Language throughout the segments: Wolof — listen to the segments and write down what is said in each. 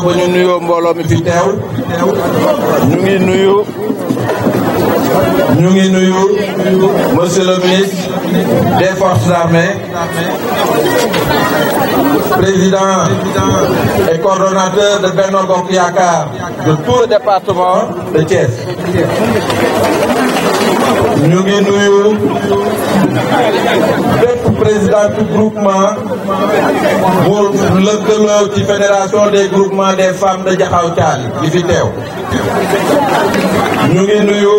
Nous, monsieur le ministre des forces armées président et coordonnateur de Bernard Bokk de tout le département de Thiès bépp président du groupement bu lëkkaloo ci fédération des groupements des femmes de Jaxaw Thial yi fi teew ñu ngi nuyu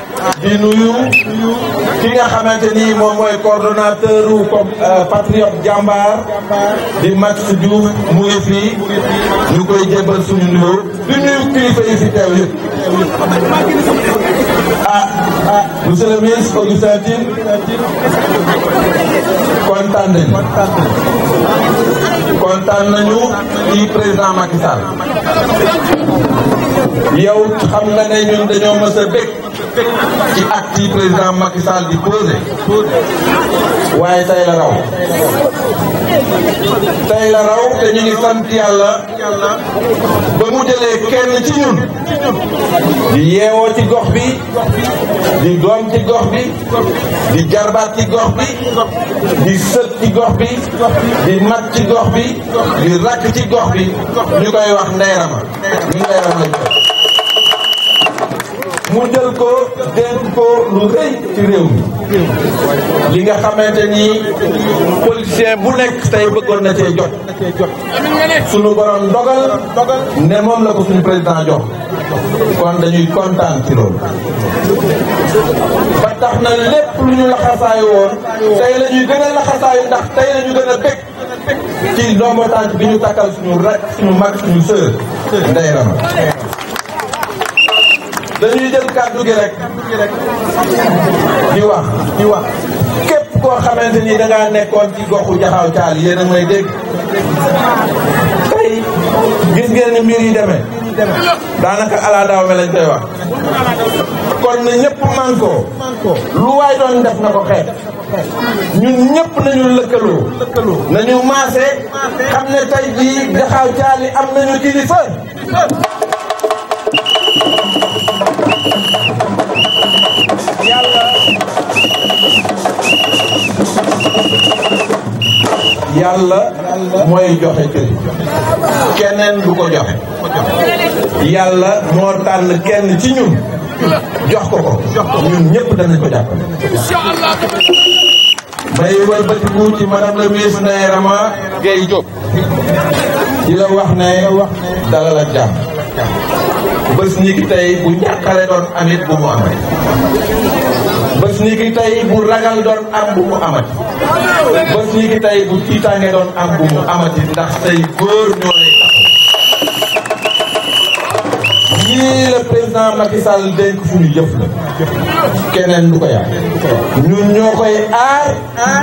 di nuyu ki nga xamante ni moom mooy coordonnateur u euh, patriote jàmbaar di Max Diouf mu ngi ñu koy jébbal suñu nuyu di nuyu kilifa yi fi teew yëpp ah, ah monsieur le ministre nañu kontaan président Macky yow xam nga ne ñun dañoo mës bëgg ci acte yi président Macky Sall di posé waaye tey la raw tey la raw te ñu ngi sant yàlla ba mu jëlee kenn ci ñun di yeewoo ci gox bi di doom ci gox bi di jarbaat ci gox bi di sët ci gox bi di mag ci gox bi di rakk ci gox bi ñu koy wax ndeyrama ñu ndeyrama mu jël ko dénk ko lu rëy ci réew li nga xamante ni politicien bu nekk tey bëggoon na cee jot suñu borom dogal dogal ne moom la ko suñu président jox kon dañuy kontaan ci loolu ba tax na lépp lu laxasaayu woon tey la ñuy laxasaayu ndax tey la ñu bëgg ci ndombo bi ñu takkal suñu rakk suñu mag suñu sœur ndey Rama dañuy jël kàddu gi rek di wax di wax képp koo xamante ni da ngaa nekkoon ci goxu jaxaw caal yéen may dégg tey gis ngeen mbir yi demee daanaka ala daaw me wax kon na ñëpp mànkoo lu waay doon def na ko xeet ñun ñëpp nañu lëkkaloo nañu maase xam ne tey jii jaxaw caali am nañu kilifa yàlla yàlla mooy joxe cër keneen du ko joxe yàlla moo tànn kenn ci ñun jox ko ko ñun ñëpp danañ ko jàppale may wëlbatiku ci madame la ministre Ndeye Rama Gueye Diop la wax ne dalal ak jàmm bés ni ki tey bu ñàkkale doon amit bu mu amat bés ni ki tey bu am bu mu amat bés tiitaange doon am bu mu amati ndax tey góor ñoo lay taxaw ñii la président Macky Sall dénk suñu yëf la keneen du ko yàq ñun ñoo koy aar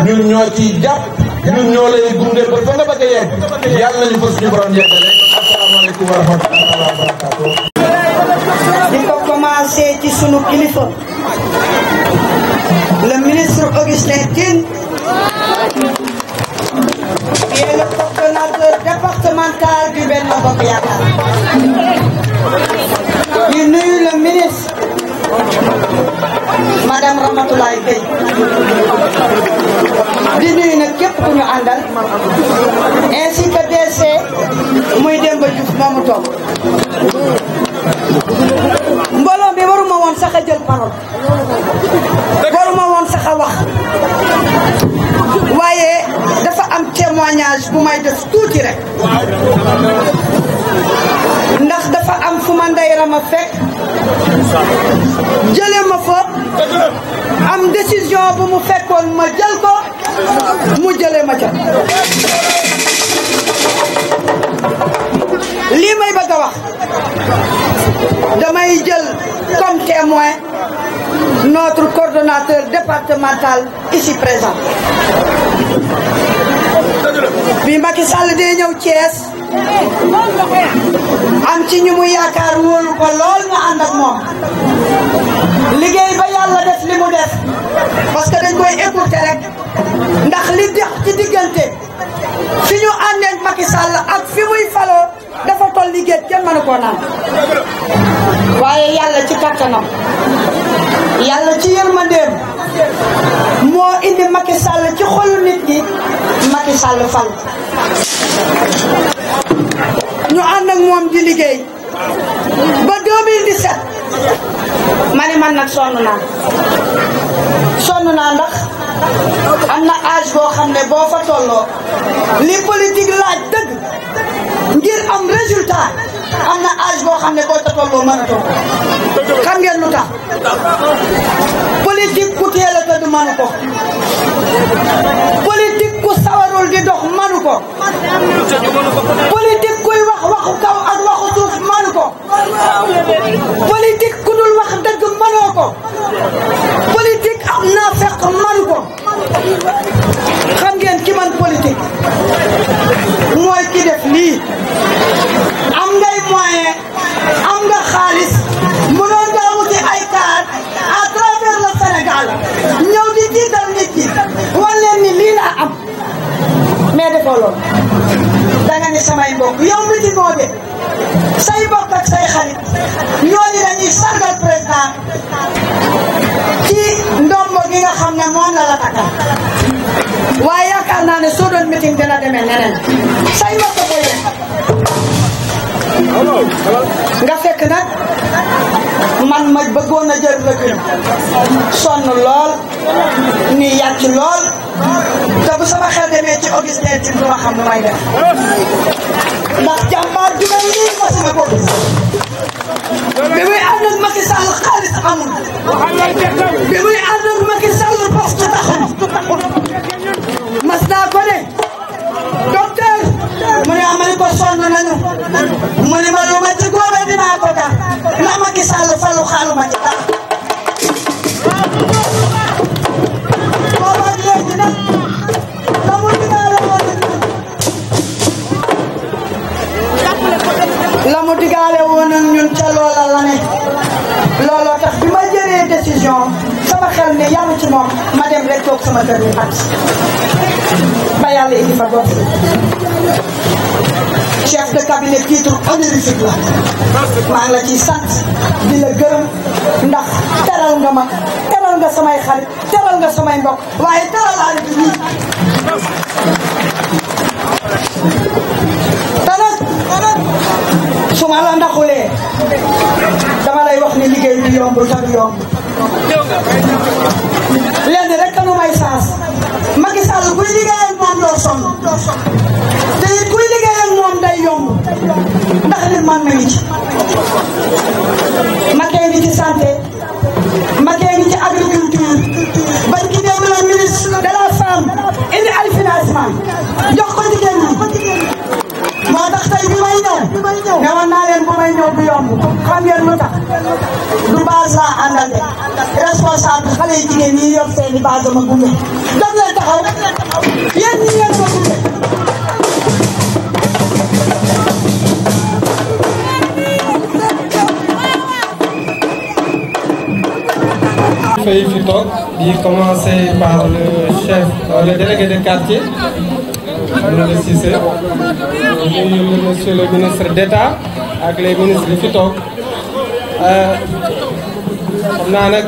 ñun ñoo ciy jàpp ñun ñoo lay gunge ba fa nga bëgg a yegg yàlla nañu ko suñu borom yeggale asalaamaaleykum wa rahmatulah sunu kilifa le ministre Augustin Tine qui est le coordonnateur départemental du Benno Bokk Yaakaar ñu nuyu le ministre madame Ramatoulaye Gueye di nuyu nag képp ku ñu andal ainsi que DC muy Demba Diouf moomu tok waruma woon sax a wax waaye dafa am témoignage bu may def tuuti rek ndax dafa am fu ma ndeyram a fekk jële ma fa am décision bu mu fekkoon ma jël ko mu jële ma ca lii may bëgg a wax damay jël comme témoin notre coordonnateur départemental ici présent bi Macky Sall dee ñëw Thiès am ci ñu mu yaakaar wóolu ko lool nga ànd ak moom liggéey ba yàlla def li mu def parce que dañ koy écouter rek ndax li dex ci diggante fi ñu àndee Macky Sall ak fi muy faloo ni géej kenn mënu koo naan waaye yàlla ci kattanam yàlla ci yërmandeem moo indi Macky Sall ci xolu nit ñi Macky Sall fal ñu ànd ak moom di liggéey ba 2017 ma ne man nag sonn naa sonn naa ndax am na âge boo xam ne boo fa tolloo li politique laaj dëgg ngir ku teel a tëdd mënu ko ku sawarul di dox mënu ko politique kuy wax waxu kaw ak waxu suuf mënu ko ku dul wax dëgg mënoo ko politique am naa fekk man ko xam ngeen ki man mooy ki def lii am ngay moyen am nga xaalis mënoon nga wuti ay kaar à travers le Sénégal ñëw di jiital nit ñi wan leen lii laa am mais defoo loolu samay mbokk yow mi ci moo say mbokk ak say xarit ñooñu dañuy sargal président ci gi nga xam ne moom la la takkal waaye yaakaar naa ne soo doon meeting dina demee neneen say wax ko booy nga fekk nag man ma bëggoon a jël recul sonn lool ni yàcc lool te bu sama xel demee ci Augustin ci duma xam lu may def ndax jàmbaar ju mel nii masuma ko gis bi muy ànd ak Macky Sall xaalis amul bi muy ànd ak Macky Sall parce que taxul mas naa ko ne docteur mu ne amay ko sonn mu ne ma lu ma ci góobe dinaa ko tax ndax Macky Sall falu xaalu ma ci la mu digaale woon ak ñun ca loola la ne looloo tax bi ma jëlee décision sama xel ne yaru ci moom ma dem rek toog sama kër ni at ba yàlla indi ma bopp chef de cabinet titre honorifique la maa ngi la ciy sant di la gërëm ndax teral nga ma teral nga samay xarit nga samay mbokk waaye teral aar bi nii teral su ma la ndaxulee dama lay wax ni liggéey bi yombul tam yombul lenn rek kanu may saas Macky Sall kuy liggéey ak moom doo sonn te kuy liggéey ak moom day yomb ndax li man ma ngi ci xale yi par le chef euh, le délégué de quartier monsieur le ministre d'État avec les ministres de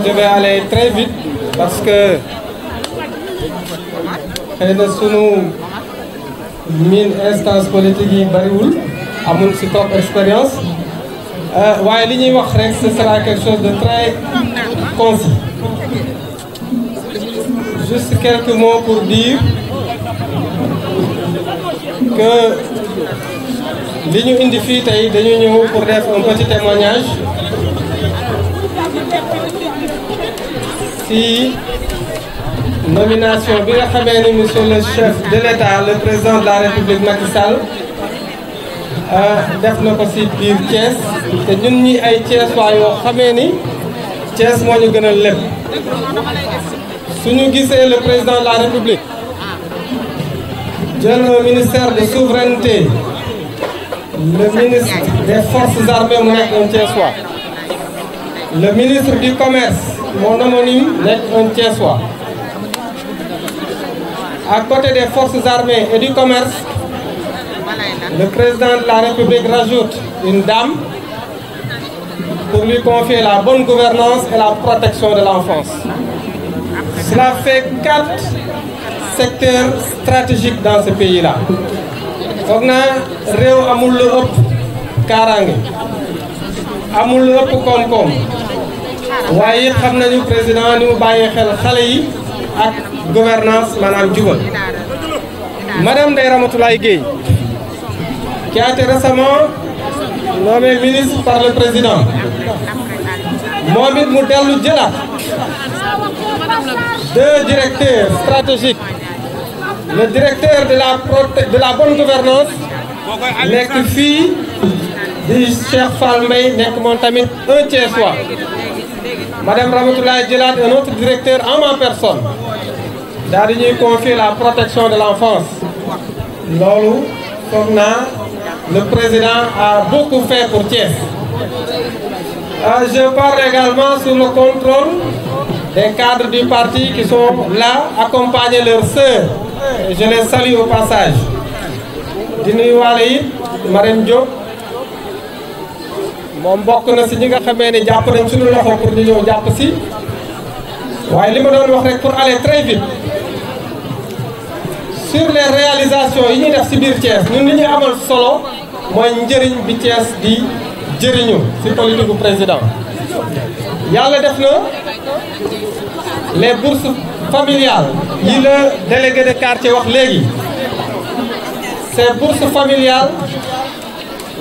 je vais aller très vite parce que je suis une instance politique de bëriwul à mon expérience euh, ce sera quelque chose de très concis juste quelques mots pour dire que nous avons indi défi, pour être un petit témoignage si nomination bi nga monsieur le chef de l'État le président de la République Macky Sall euh, def na ko si biir Thiès te ñun ñi ay ni le président de la République jël ministère de souveraineté le ministre des forces armées le ministre du Commerce, mon homonyme, n'est un soi À côté des forces armées et du commerce, le président de la République rajoute une dame pour lui confier la bonne gouvernance et la protection de l'enfance. Cela fait quatre secteurs stratégiques dans ce pays-là. On Réo Amoul Karangé. amul lépp koom-koom waaye it xam nañu président ni mu bàyyee xel xale yi ak gouvernance maanaam jubal madame Ndeye Ramatoulaye Gueye qui a été récemment ministre par le président moom it mu dellu jëlaat deux directeurs stratégiques le directeur de la de la bonne fii Cheikh Fall nek mon tamit un soir madame Ramatoulaye Djelat, un autre directeur en ma personne daal confie la protection de l'enfance lolu le président a beaucoup fait pour tiers. Euh, je parle également sur le contrôle des cadres du parti qui sont là accompagner leurs soeurs. je les salue au passage di Waleï, Marine moom bokk na si ñi nga xamee ne jàpp nañ suñu loxo pour ñu jàpp si waaye li ma doon wax rek pour aller très vite sur les réalisations yi ñuy def si biir Thiès ñun li ñuy amal solo mooy njëriñ bi Thiès di jëriñu si politique bu président yàlla def na les bourses familiales yi la délégué de quartier wax léegi ces bourses familiales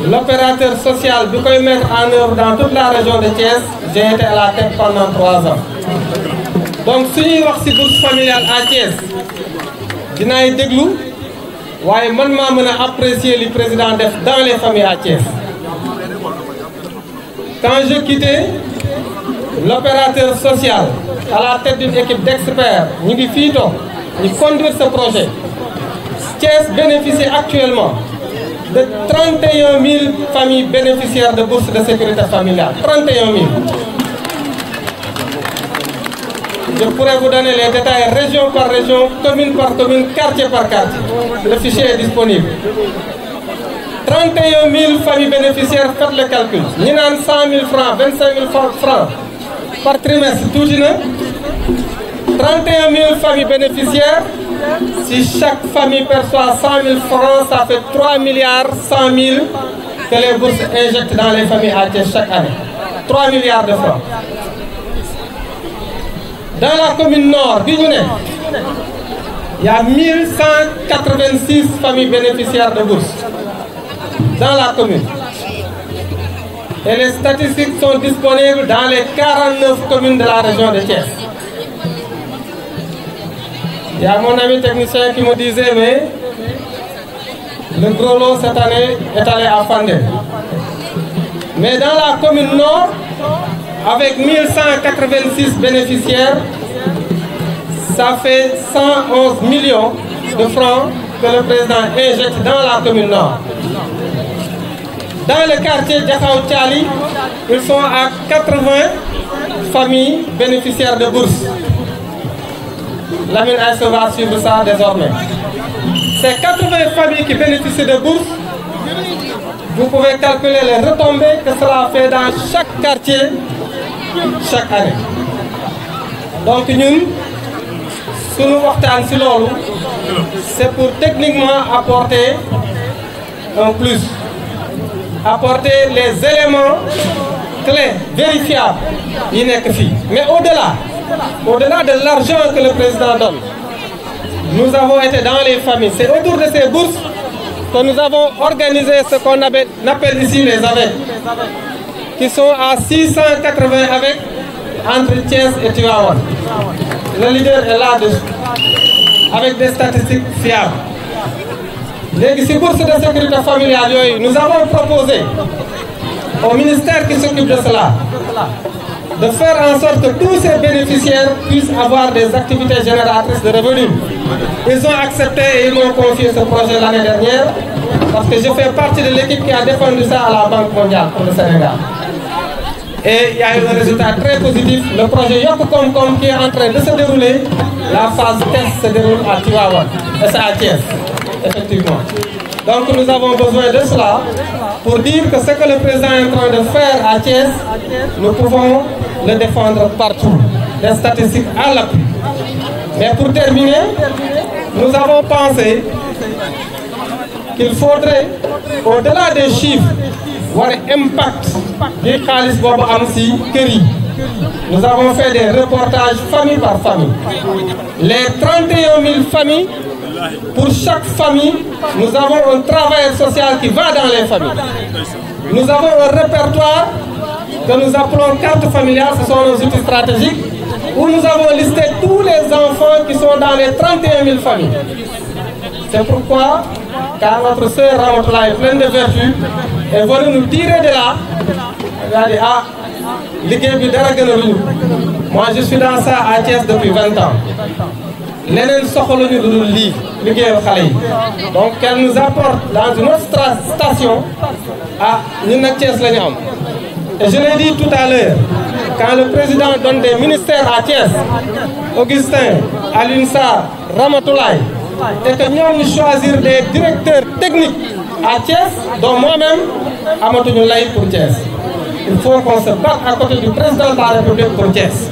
l'opérateur social du mettre en œuvre dans toute la région de Thiès j'ai été à la tête pendant trois ans donc si vous êtes familial à Thiès dinaay déglu waaye man maa a apprécier le président def dans les familles à Thiès quand j'ai quitté l'opérateur social à la tête d'une équipe d'experts nous ngi fii ce projet Thiès bénéficie actuellement de 31 000 familles bénéficiaires de bourses de sécurité familiale. 31 000. Je pourrais vous donner les détails région par région, commune par commune, quartier par quartier. Le fichier est disponible. 31 000 familles bénéficiaires, faites le calcul. Nous avons 100 000 francs, 25 000 francs par trimestre, tout 31 000 familles bénéficiaires, si chaque famille perçoit 100 000 francs, ça fait 3 milliards 100 000 que les bourses injectent dans les familles à haïtiennes chaque année. 3 milliards de francs. Dans la commune nord, il y a 1186 familles bénéficiaires de bourses dans la commune. Et les statistiques sont disponibles dans les 49 communes de la région de Thiès. Il y a mon ami technicien qui me disait, mais le gros lot cette année est allé à Fandé. Mais dans la commune Nord, avec 1186 bénéficiaires, ça fait 111 millions de francs que le président injecte dans la commune Nord. Dans le quartier de Tchali, ils sont à 80 familles bénéficiaires de bourses. Lamine se va suivre ça désormais. Ces 80 familles qui bénéficient de bourses, vous pouvez calculer les retombées que cela fait dans chaque quartier chaque année. Donc nous, ce que nous c'est pour techniquement apporter un plus apporter les éléments clés vérifiables inéquifs, mais au-delà au-delà de l'argent que le président donne, nous avons été dans les familles. C'est autour de ces bourses que nous avons organisé ce qu'on appelle, ici les AVEC, qui sont à 680 avec entre Thiès et Tivaouane. Le leader est là avec des statistiques fiables. Les bourses de sécurité familiale, nous avons proposé au ministère qui s'occupe de cela de faire en sorte que tous ces bénéficiaires puissent avoir des activités génératrices de revenus. Ils ont accepté et ils m'ont confié ce projet l'année dernière parce que je fais partie de l'équipe qui a défendu ça à la Banque mondiale pour le Sénégal. Et il y a eu un résultat très positif. Le projet Yokukomkom qui est en train de se dérouler, la phase test se déroule à Tiwawa, et ça à Thiès, effectivement. Donc nous avons besoin de cela pour dire que ce que le président est en train de faire à Thiès, nous pouvons le défendre partout, Les statistiques à l'appui. Mais pour terminer, nous avons pensé qu'il faudrait, au-delà des chiffres, voir l'impact des Khalis Bob Amsi Kerry. Nous avons fait des reportages famille par famille. Les 31 000 familles pour chaque famille, nous avons un travail social qui va dans les familles. Nous avons un répertoire que nous appelons carte familiale, ce sont nos outils stratégiques, où nous avons listé tous les enfants qui sont dans les 31 000 familles. C'est pourquoi, car notre sœur Ramotla est pleine de vertus, et veut nous tirer de là. Regardez, ah, Moi, je suis dans ça à Thiès depuis 20 ans leneen donc qu'elle nous apporte dans une autre station à ah, ñun nag Thiès et je l'ai dit tout à l'heure quand le président donne des ministères à Thiès Augustin Alunsa, Ramatoulaï, Ramatoulaye et que nous ñu choisir des directeurs techniques à Thiès dont moi-même amatuñu lay pour Thiès il faut qu'on se batte à côté du président de la République pour Thiès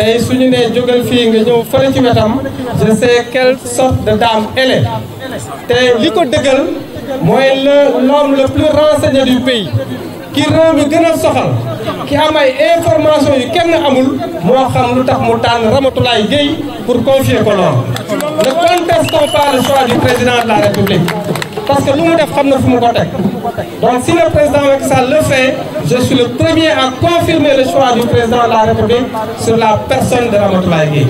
tey suñu né nee fi fii nga ñëw fële ci wétam je sais quelle sorte de dame elle est te liko deugal moy le l'homme le plus renseigné du pays ki réew mi gën soxal ki am information yu kenn amul mo xam lu tax mu tànn Ramatoulaye pour confier ko lool. Ne contestons pas le choix du président de la République parce que nous, nous def des femmes, donc si le président Macky le fait je suis le premier à confirmer le choix du président de la République sur la personne de la Laye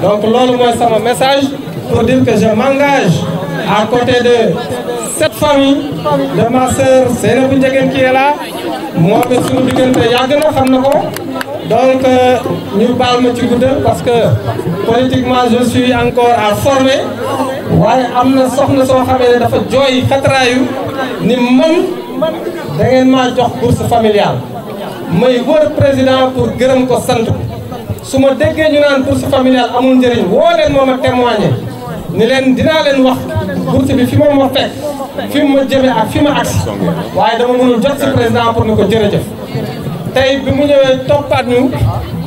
donc moi, c'est mon message pour dire que je m'engage à côté de cette famille de ma sœur Sénébou Ndiéguène qui est là moi, monsieur suis diggante yàgg donc euh, ñu baal ma ci gudda parce que politiquement je suis encore à former waaye am na soxna soo xamee ne dafa jooy xatraayu ni man da ngeen maa jox bourse familiale may wër président pour gërëm ko sant ko su ma déggee ñu naan bourse familiale amul njëriñ woo leen moom a témoigné ni leen dinaa leen wax bourse bi fi moom ma fekk fi mu ma jëme a fi ma agsi waaye dama mënul jot si président pour ni ko jërëjëf tey bi mu ñëwee toppaat ñu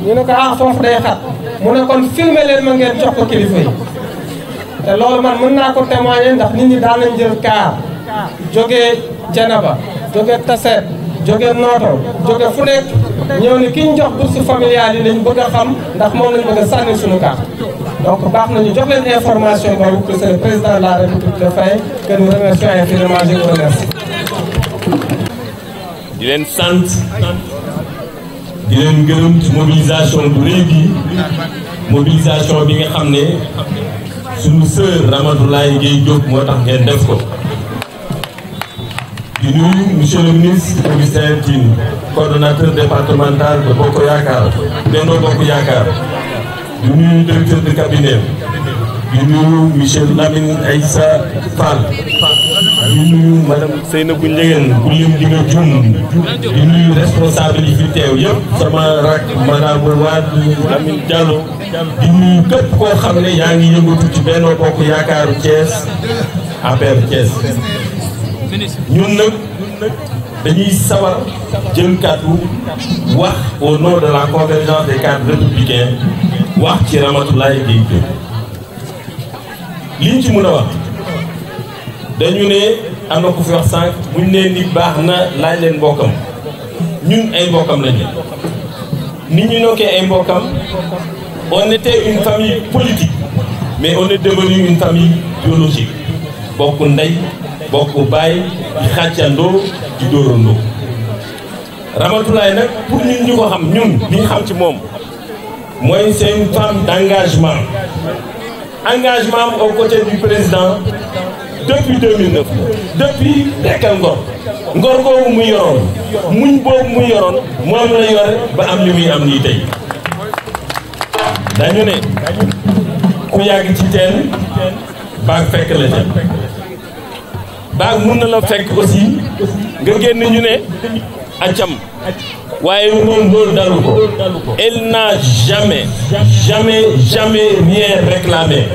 ñu ne ko ah foofu day mu ne kon filmer leen jox ko kilifa yi te loolu man mën naa ko témoigner ndax nit ñi daan nañ jël kaar jógee Janaba jógee Taset jóge Nooto jóge fu nekk ñëw ni ki ñu jox bourse familiale yi lañ bëgg a xam ndax moom lañ bëgg a sànni suñu donc baax na ñu jox leen information boobu président de la République de Faye que nous remercions infiniment je vous remercie di leen gërëm ci mobilisation bu rëy bi mobilisation bi nga xam ne suñu sœur Ramatoulaye Ngay Diop moo tax ngeen def ko di nuyu monsieur le ministre Augustin Tine coordonnateur départemental de Bokk Yaakaar Benno Bokk Yaakaar di nuyu directeur de cabinet di nuyu monsieur Lamine Aïssa Fall di nuyu madame Seynabou Ndiéguène bu lim di nga jum di nuyu yi fi teew yëpp sama rak madame Wade Lamine Diallo di nuyu képp koo xam ne yaa ngi yëngatu ci Benno Bokk Yaakaaru Thiès APR Thiès ñun nag dañuy sawar jël kàddu wax au nom de la convergence des cadres républicains wax ci Ramatoulaye Gueye liñ ci mën a wax dañu ne am na ku fi wax sànq buñ leen ni baax na laaj leen mbokkam ñun ay mbokkam lañ leen nit ñu nokkee ay mbokkam on était une famille politique mais on est devenu une famille biologique bokk ndey bokk bay, di xàccandoo di dóorandoo Ramatoulaye nag pour ñun ñu ko xam ñun li ñu xam ci moom mooy c'est une femme d'engagement engagement aux côtés du président depuis 2009 depuis Dekkal Ngor ngor boobu mu yoroon muñ boobu mu yoroon moom la yore ba am li muy am nii dañu ne ku yàgg ci teen baag fekk la ca baag mun na la fekk aussi nga génn ñu ne acam waaye moom loolu dalu ko n'a jamais jamais jamais rien réclamé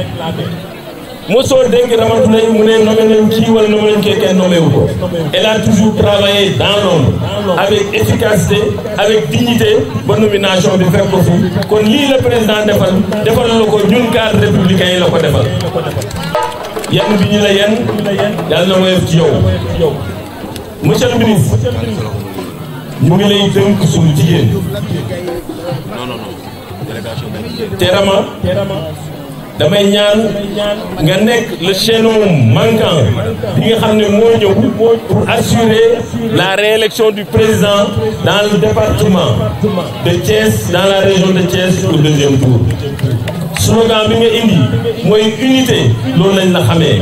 mosoo dégg Ramatoulaye mu ne nommé nañ kii wala nommé nañ kii kenn nommé wu elle a toujours travaillé dans l'ombre avec efficacité avec dignité ba nomination bi fekk ko fi kon lii le président defal defal la ko ñun cadre républicain yi la ko defal yan bi ñu la yan yàlla na woyof ci yow monsieur le ministre ñu ngi non Non, non, jigéen Terama damay ñaan nga nekk le chaînon manquant bi nga xam ne ñëw pour assurer la réélection du président dans le département de Thiès dans la région de Thiès au deuxième tour slogan bi nga indi mooy unité loolu lañ la xamee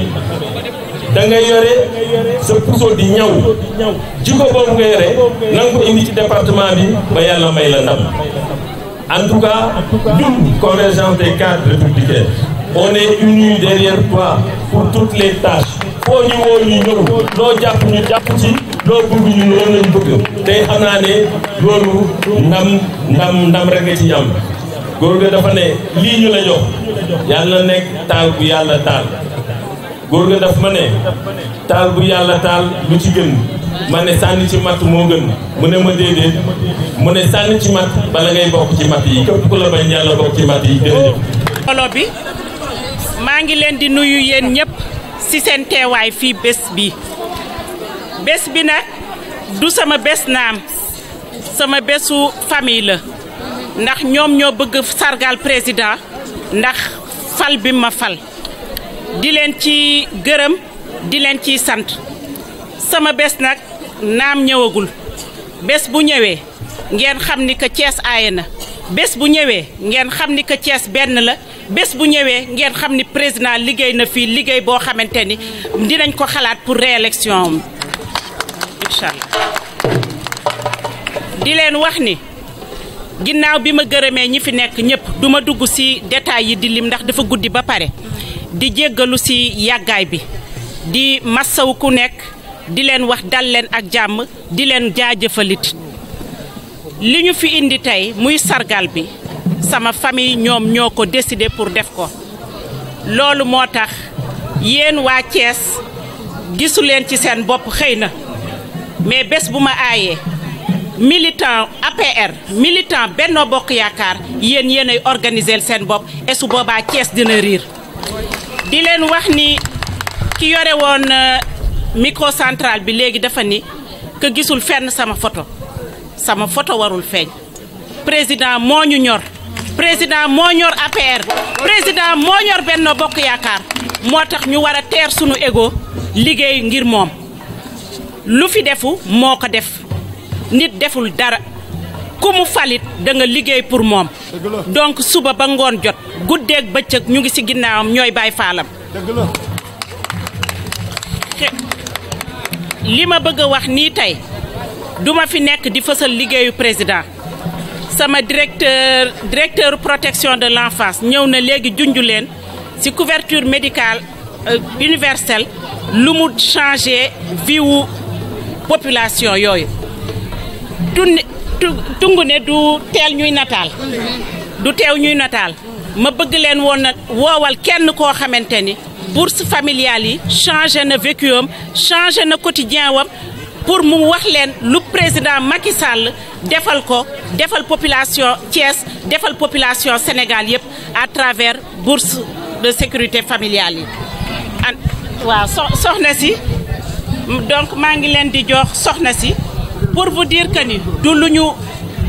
da ngay yore sa puso di ñaw jikko boobu nga yore na nga ci département bi ba yàlla may la ndam en tout cas ñun convergence des cadres républicains on est unis derrière toi pour toutes les tâches foo ñu woo ñu ñëw loo jàpp ñu jàpp ci loo bëgg ñu loolu lañ bëgg tey xam naa ne ndam ndam ndam rek nga ga dafa ne lii ñu la yàlla nekk taal bu yàlla taal góor ga daf ma ne taal bu yàlla taal lu ci gën ma ne sànni ci matt moo gën mu ne ma déedéet mu ne sànni ci matt bala ngay bokk ci matt yi képp ku la bañ yàlla bokk ci matt yi jërëjëf olo bi maa ngi leen di nuyu yéen ñëpp ci seen teewaay fii bés bi bés bi nag du sama sama bésu famille la ndax ñoom ñoo bëgg sargal président ndax fal bi ma fal di leen ci gërëm di leen ciy sant sama bés nag naam ñëwagul bés bu ñëwee ngeen xam ni que Thiès aaye na bés bu ñëwee ngeen xam ni que Thiès benn la bés bu ñëwee ngeen xam ni président liggéey na fii liggéey boo xamante ni dinañ ko xalaat pour réélection am di leen wax ni ginnaaw bi ma gërëmee ñi fi nekk ñëpp duma dugg ci détails yi di lim ndax dafa guddi ba pare di jéggalu ci yàggaay bi di massawu ku nekk di leen wax dalleen ak jàmm di leen jaajëfalit li ñu fi indi tey muy sargal bi sama famille ñoom ñoo ko décidé pour def ko loolu moo tax yéen waa Thiès gisu ci seen bopp xëy na mais bés bu ma aayee militant APR militant Benno Bokk Yaakaar yéen yéen ay organiser seen bopp et boobaa Thiès dina riir di leen wax ni ki yore woon euh, microcentrale bi léegi dafa ni que gisul fenn sama photo sama photo warul feeñ président moo ñu ñor président moo ñor APR président moo ñor benn Bokk Yaakaar moo tax ñu war a teer suñu égo liggéey ngir moom lu fi defu moo ko def nit deful dara ku mu falit da liggéey pour moom donc suba ba ngoon jot ba bëccëg ñu ngi ci ginnaawam ñooy baay faalam li ma bëgg a wax nii tey duma fi nekk di fësal liggéeyu président sama directeur directeur protection de l'enfance ñëw na léegi junju leen ci couverture médicale euh, universelle lu mu changé vie wu population yooyu tungu ne du tel ñuy natal, du tew ñuy natal. ma bëgg leen woon na woowal kenn koo xamante ni bourse familiale yi changé na vécu am changé na quotidien wam pour mu wax leen lu président Macky Sall defal ko defal population Thiès defal population Sénégal yëpp à travers bourse de sécurité familiale yi waaw soxna si donc maa ngi leen di jox soxna si pour vous dire que ni du luñu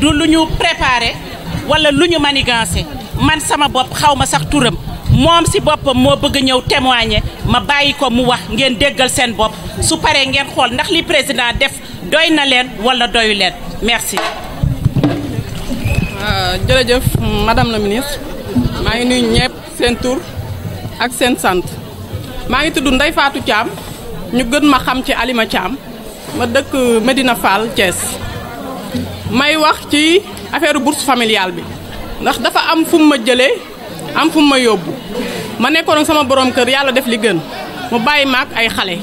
ñu du préparer, ñu wala luñu manigancer man sama bop xawma ma sax touram mom si bopam mo bëgg ñew témoigner ma bayiko mu wax ngeen déggal seen bop su paré ngeen xol ndax li président def doyna na wala doyu leen merci. Euh, jërëjëf madame la ministre ma ngi nuyu ñëpp seen tour ak seen sant ma ngi tuddu Ndeye Fatou Thiam ñu gën ma xam ci Alima Thiam. ma dëkk Medina Fall Thiès may wax ci affaire bourse familiale bi ndax dafa am fu ma jëlee am fu ma yóbbu ma nekkoon sama borom kër yàlla def li gën mu bàyyi maak ay xale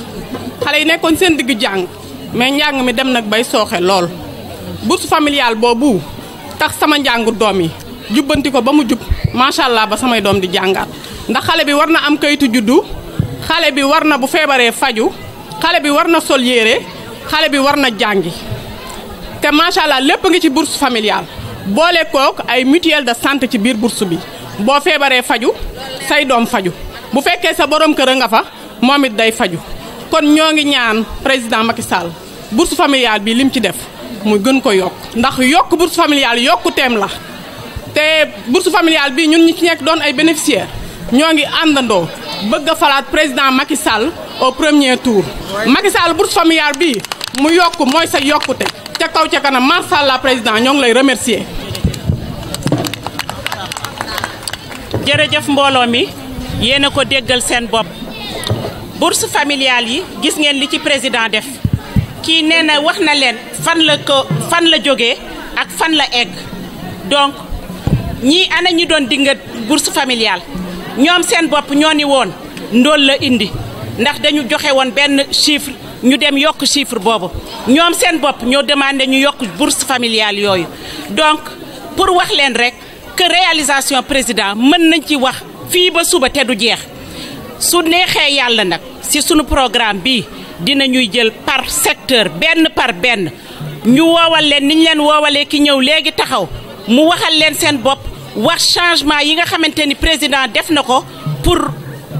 xale yi nekkoon seen digg jàng mais njàng mi dem nag bay sooxe lool bourse familiale boobu tax sama njàngu doom yi jubbanti ko ba mu jub macha allah ba samay doom di jàngaat ndax xale bi war na am kayitu juddu xale bi war na bu feebaree faju xale bi war sol yére xale bi war na jàngi te macha allah lépp ngi ci bourse familiale boole kook ay mutuelle de santé ci biir bourse bi boo feebaree faju say doom faju bu fekkee sa borom kër a nga fa moom it day faju kon ñoo ngi ñaan président Macky Sall bourse familiale bi lim ci def mu gën ko yokk ndax yokk bourse familiale yokku teem la te bourse familiale bi ñun ñi ci nekk doon ay bénéficiaire ñoo ngi àndandoo bëgg a falaat président Macky Sall au premier tour Macky Sall bourse familiale bi mu yokku moy sa yokkute ca kaw ca kanam macha allah président ñoo lay remercier. jef mbolo mi yene ko deggal sen bop bourse familiale yi gis ngeen li ci président def Ki neena wax na len fan la ko fan la joge ak fan la egg donc ñi ana ñu don dinga bourse familiale ñom sen bop ñoni ni ndol la indi ndax dañu joxe woon ben chiffre. ñu dem yokk chiffre boobu ñoom seen bopp ñoo demandé ñu yokk bourse familiale yooyu donc pour wax leen rek que réalisation président mën nañ ci wax fii ba suba te du jeex su neexee yàlla nag ci sunu programme bi dinañuy jël par secteur benn par benn ñu woowal leen niñ ñu leen woowalee ki ñëw léegi taxaw mu waxal leen seen bopp wax changement yi nga xamante ni président def na ko pour.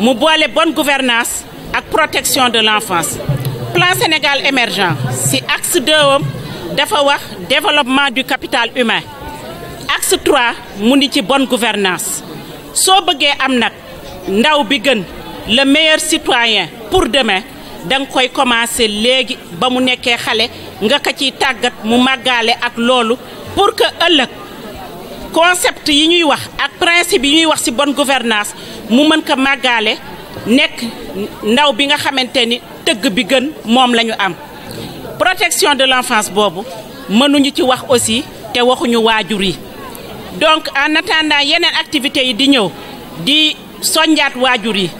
mu une bonne gouvernance ak protection de l'enfance plan Sénégal émergent c'est axe 2 qui wax développement du capital humain axe 3 mu bonne gouvernance Si bëggee am nag ndaw bi gën le meilleur citoyen pour demain da nga koy commencer léegi ba mu nekkee nga ak pour que le concept yi ñuy wax ak principe yi ñuy bonne gouvernance mu mën ko màggaale nekk ndaw bi nga xamante ni tëgg bi gën moom la am protection de l'enfance boobu mënuñu ci wax aussi te waxuñu waajur yi donc en attendant yeneen activité yi di ñëw di soñjaat waajur yi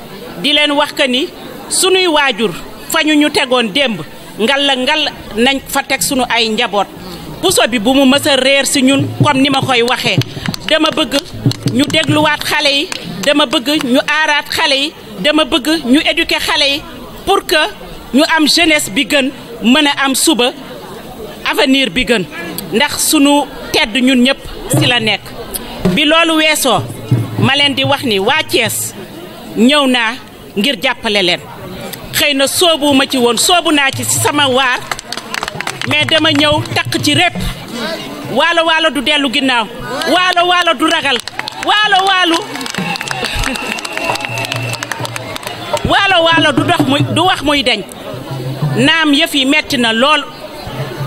di leen wax que ni sunuy waajur fañu ñu tegoon démb ngal la ngal nañ fa teg sunu ay njaboot puso bi bu mu mës a réer si ñun comme ni ma koy waxee dama bëgg ñu dégluwaat xale yi dama bëgg ñu aaraat xale yi dama bëgg ñu éduquer xale yi pour que ñu am jeunesse bi gën mën a am suba avenir bi gën ndax sunu tedd ñun ñëpp ci la nekk bi loolu weesoo ma leen di wax ni waa Thiès ñëw naa ngir jàppale leen xëy na soobu ma ci woon soobu naa ci ci sama waar mais dama ñëw taq ci répp waalo waalo du dellu ginnaaw waalo waalo du ragal walo waalo walo walo du dox muy du wax muy deñ nam yëf yi metti na lol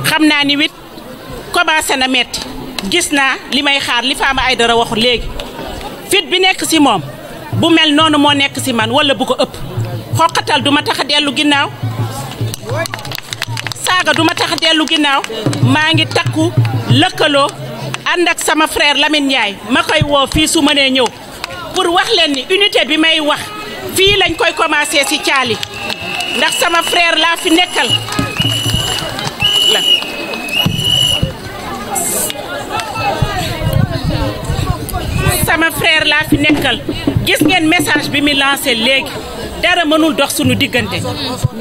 xamna ni wit commencé na metti gis naa li xaar li Fama dara waxu legi fit bi nek ci mom bu mel nonu mo nek ci man wala bu ko upp xoxatal duma tax a dellu ginnaaw saaga tax takku lëkkaloo ànd sama frère Lamine Ndiaye ma koy woo fii su mënee ñëw pour wax leen unité bi may wax fii lañ koy commencé ci caali ndax sama frère laa fi nekkal la sama frère laa fi nekkal gis ngeen message bi mu lancé léegi dara mënul dox suñu diggante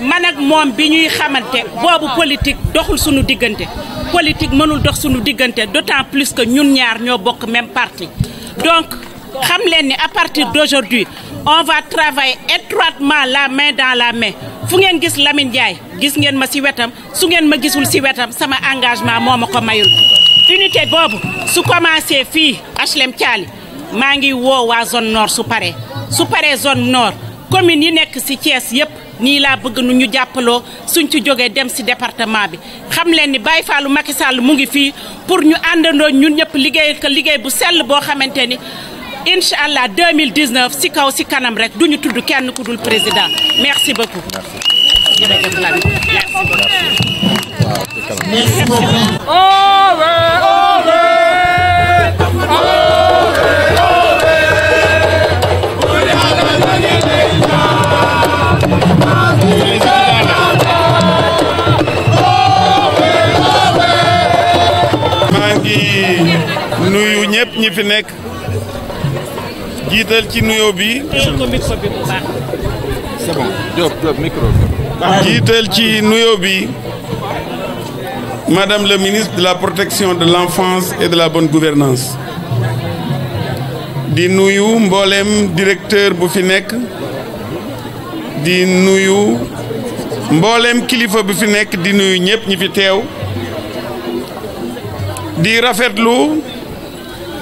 man ak moom bi ñuy xamante boobu politique doxul suñu diggante politique mënul dox suñu digënté d'autant plus que ñun ñaar ñoo bokk même parti donc xam à partir d'aujourd'hui on va travailler étroitement la main dans la main fu ngeen gis Lamine Ndiaye gis ngeen ma ci wetam su ngeen ma gisul ci wetam sama engagement moo ma ko mayul unité boobu su commencé fii HLM Thiali maa ngi woo waa zone nord su paré su paré zone nord commune yi nekk ci Thiès yépp nii laa bëgg nu ñu jàppaloo suñ ci jógee dem si département bi xam leen ni faa lu Macky Sall mu ngi fii pour ñu àndandoo ñun ñëpp liggéey ko liggéey bu sell boo xamante ni incha allah 2019 si kaw si kanam rek du ñu tudd kenn ku dul président merci beaucoup. jërëjëf Lamine merci. merci beaucoup. ñi fi ci bi c'est bon micro jiital ci bi Madame le ministre de la protection de l'enfance et de la bonne gouvernance di nuyu mbolem directeur bu fi nekk di nuyu mbolem kilifa bu fi nekk di nuyu ñëpp ñi fi di rafetlu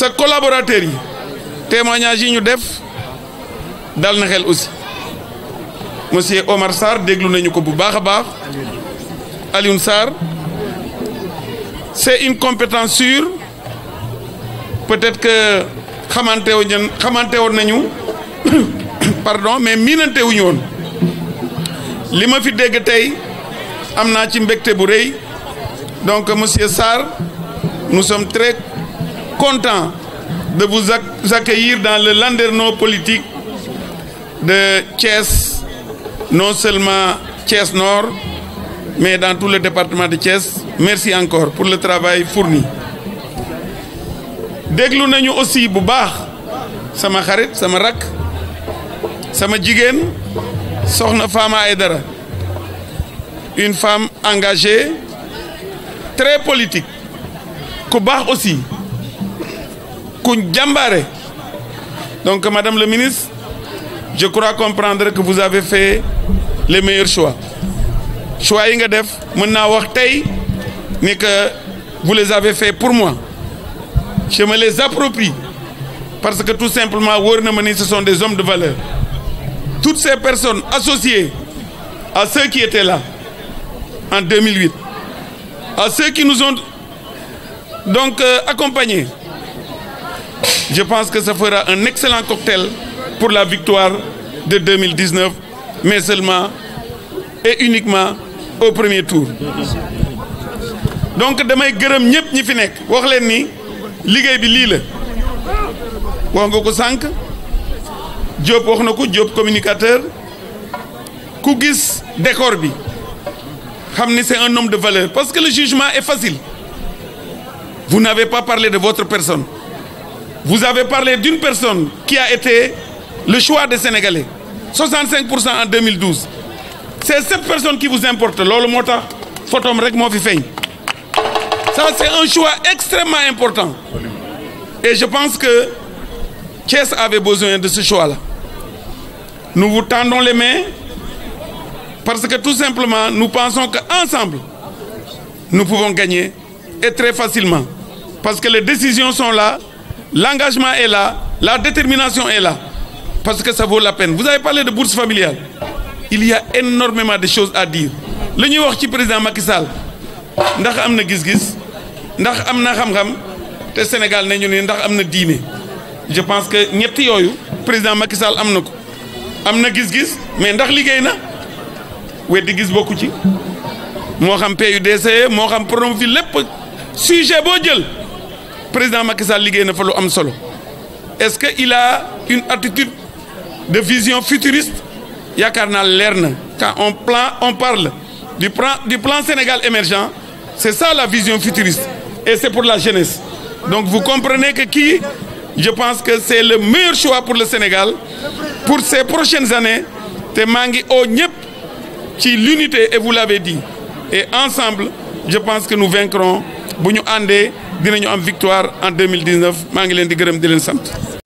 sa collaborateur yi témoignage ñu def dal na xel aussi monsieur Omar Sar déglu nañu ko bu baaxa baax Sarr c'est une compétence sûre peut-être que xamante woon xamanté won nañu pardon mais minanté wuñu union li ma fi dégg tey amna ci bu donc monsieur Sar, nous sommes très content de vous accueillir dans le landerneau politique de Thiès, non seulement Thiès Nord, mais dans tout le département de Thiès. Merci encore pour le travail fourni. Dès nañu aussi bu baax sama xarit une femme engagée très politique ku baax aussi donc madame le ministre je crois comprendre que vous avez fait les meilleurs choix choix yi mais que vous les avez fait pour moi je me les approprie parce que tout simplement ce sont des hommes de valeur toutes ces personnes associées à ceux qui étaient là en 2008 à ceux qui nous ont donc euh, accompagnés je pense que ça fera un excellent cocktail pour la victoire de 2019, mais seulement et uniquement au premier tour. donc damay je ñëpp ñi fi nekk wax leen ni liggéey bi lii la wax vous ko sànq Diop vous na Diop communicateur ku gis décor bi c'est un homme de valeur parce que le jugement est facile vous n'avez pas parlé de votre personne vous avez parlé d'une personne qui a été le choix des Sénégalais. 65% en 2012. C'est cette personne qui vous importe. Lolo Mota, Fotom Ça, c'est un choix extrêmement important. Et je pense que Thiès avait besoin de ce choix-là. Nous vous tendons les mains parce que tout simplement, nous pensons qu'ensemble, nous pouvons gagner et très facilement. Parce que les décisions sont là, L'engagement est là, la détermination est là, parce que ça vaut la peine. Vous avez parlé de bourse familiale. Il y a énormément de choses à dire. Le New York, président Macky Sall, ndax amna gis-gis ndax amna xam-xam te Sénégal nañu ne ndax amna diiné. je pense que ñetti yoyu président Macky Sall am ko am gis-gis mais ndax liggéey na weddi gis bokku ci Mo xam PUDC e, mo xam Promoville lépp sujet bo jël président Macky Sall fa lu est-ce qu'il a une attitude de vision futuriste y a carnal na quand on plan on parle du plan du plan Sénégal émergent c'est ça la vision futuriste et c'est pour la jeunesse donc vous comprenez que qui je pense que c'est le meilleur choix pour le Sénégal pour ces prochaines années te mangi qui ñep l'unité et vous l'avez dit et ensemble je pense que nous vaincrons buñu andé dinañu am victoire en 2019 maa ngi leen di gërëm di leen sant